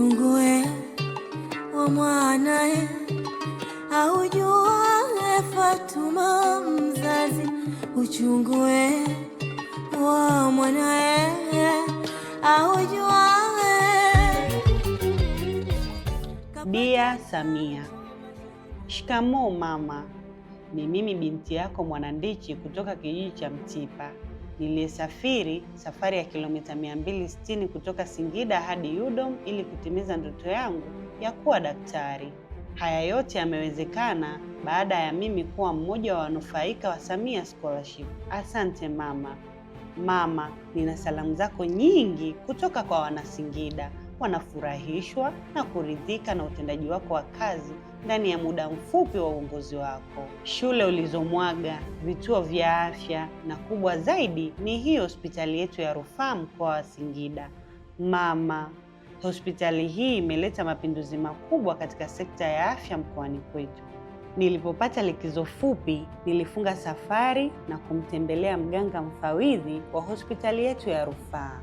Mungu wa mwanae aujuae Fatuma mzazi wa mwanae aujuae. Bia Samia: Shikamoo mama, ni mimi binti yako Mwanandichi kutoka kijiji cha Mtipa nilisafiri safari ya kilomita 260 kutoka Singida hadi Yudom ili kutimiza ndoto yangu ya kuwa daktari. Haya yote yamewezekana baada ya mimi kuwa mmoja wa wanufaika wa Samia Scholarship. Asante mama. Mama, nina salamu zako nyingi kutoka kwa Wanasingida wanafurahishwa na kuridhika na utendaji wako wa kazi ndani ya muda mfupi wa uongozi wako. Shule ulizomwaga, vituo vya afya, na kubwa zaidi ni hii hospitali yetu ya rufaa mkoa wa Singida. Mama, hospitali hii imeleta mapinduzi makubwa katika sekta ya afya mkoani kwetu. Nilipopata likizo fupi, nilifunga safari na kumtembelea mganga mfawidhi wa hospitali yetu ya rufaa.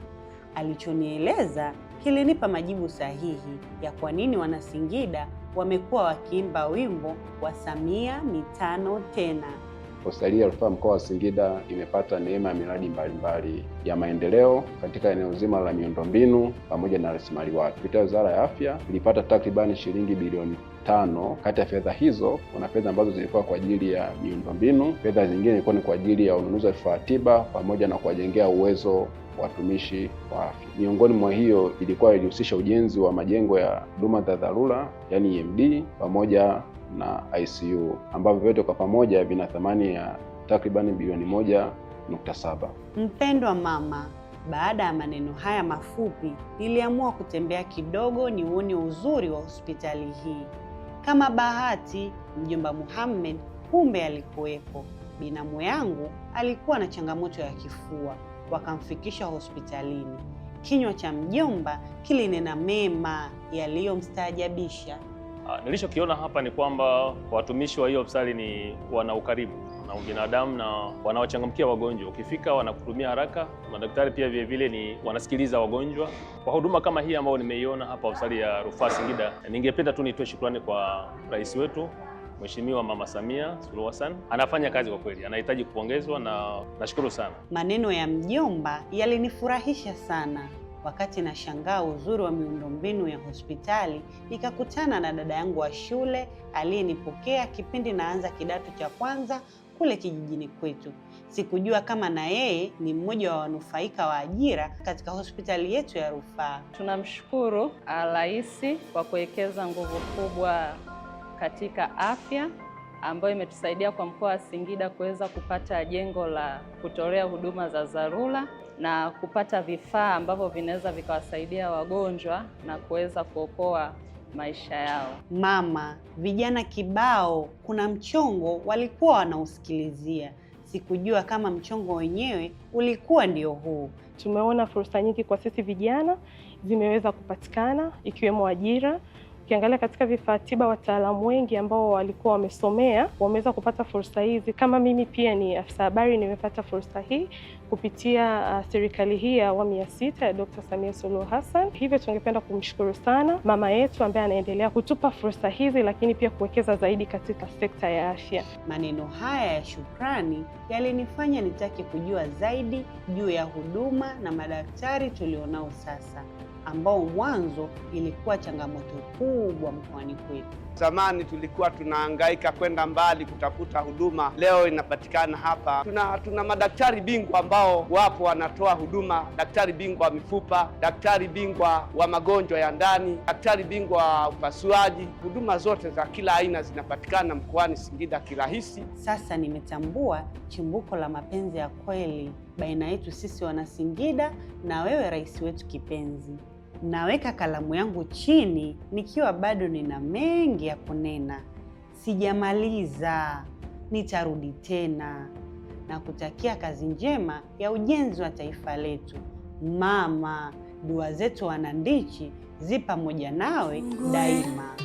Alichonieleza kilinipa majibu sahihi ya kwa nini Wanasingida wamekuwa wakiimba wimbo wa Samia mitano tena. Hospitali ya Rufaa Mkoa wa Singida imepata neema ya miradi mbalimbali ya maendeleo katika eneo zima la miundombinu pamoja na rasilimali watu. Kupitia Wizara ya Afya ilipata takribani shilingi bilioni tano. Kati ya fedha hizo kuna fedha ambazo zilikuwa kwa ajili ya miundombinu, fedha zingine zilikuwa ni kwa ajili ya ununuzi wa vifaa tiba pamoja na kuwajengea uwezo watumishi wa afya. Miongoni mwa hiyo ilikuwa ilihusisha ujenzi wa majengo ya huduma za dharura, yani EMD pamoja na ICU ambavyo vyote kwa pamoja vina thamani ya takribani bilioni moja nukta saba. Mpendwa mama, baada ya maneno haya mafupi, niliamua kutembea kidogo nione uzuri wa hospitali hii. Kama bahati, mjomba Muhammed kumbe alikuwepo. Binamu yangu alikuwa na changamoto ya kifua, wakamfikisha hospitalini. Kinywa cha mjomba kilinena mema yaliyomstaajabisha. Ah, nilichokiona hapa ni kwamba watumishi wa hiyo hospitali ni wana ukaribu na ubinadamu na wanaochangamkia wagonjwa. Ukifika wanakuhudumia haraka. Madaktari pia vile vile ni wanasikiliza wagonjwa. Kwa huduma kama hii ambayo nimeiona hapa hospitali ya Rufaa Singida, ningependa tu nitoe shukrani kwa rais wetu Mheshimiwa Mama Samia Suluhu Hassan anafanya kazi kwa kweli, anahitaji kupongezwa na nashukuru sana. Maneno ya mjomba yalinifurahisha sana. Wakati nashangaa uzuri wa miundombinu ya hospitali, nikakutana na dada yangu wa shule aliyenipokea kipindi naanza kidato cha kwanza kule kijijini kwetu. Sikujua kama na yeye ni mmoja wa wanufaika wa ajira katika hospitali yetu ya rufaa. Tunamshukuru ah, Rais kwa kuwekeza nguvu kubwa katika afya ambayo imetusaidia kwa mkoa wa Singida kuweza kupata jengo la kutolea huduma za dharura na kupata vifaa ambavyo vinaweza vikawasaidia wagonjwa na kuweza kuokoa maisha yao. Mama, vijana kibao, kuna mchongo walikuwa wanausikilizia. Sikujua kama mchongo wenyewe ulikuwa ndio huu. Tumeona fursa nyingi kwa sisi vijana zimeweza kupatikana ikiwemo ajira Ukiangalia katika vifaa tiba, wataalamu wengi ambao walikuwa wamesomea wameweza kupata fursa hizi. Kama mimi pia ni afisa habari, nimepata fursa hii kupitia uh, serikali hii ya awamu ya sita ya Dkt. Samia Suluhu Hassan. Hivyo tungependa kumshukuru sana mama yetu ambaye anaendelea kutupa fursa hizi, lakini pia kuwekeza zaidi katika sekta ya afya. Maneno haya ya shukrani yalinifanya nitake kujua zaidi juu ya huduma na madaktari tulionao sasa ambao mwanzo ilikuwa changamoto kubwa mkoani kwetu. Zamani tulikuwa tunahangaika kwenda mbali kutafuta huduma, leo inapatikana hapa. Tuna, tuna madaktari bingwa ambao wapo wanatoa huduma, daktari bingwa wa mifupa, daktari bingwa wa magonjwa ya ndani, daktari bingwa wa upasuaji. Huduma zote za kila aina zinapatikana mkoani Singida kirahisi. Sasa nimetambua chimbuko la mapenzi ya kweli baina yetu sisi Wanasingida na wewe rais wetu kipenzi naweka kalamu yangu chini nikiwa bado nina mengi ya kunena, sijamaliza. Nitarudi tena na kutakia kazi njema ya ujenzi wa taifa letu. Mama, dua zetu wanandichi zi pamoja nawe daima.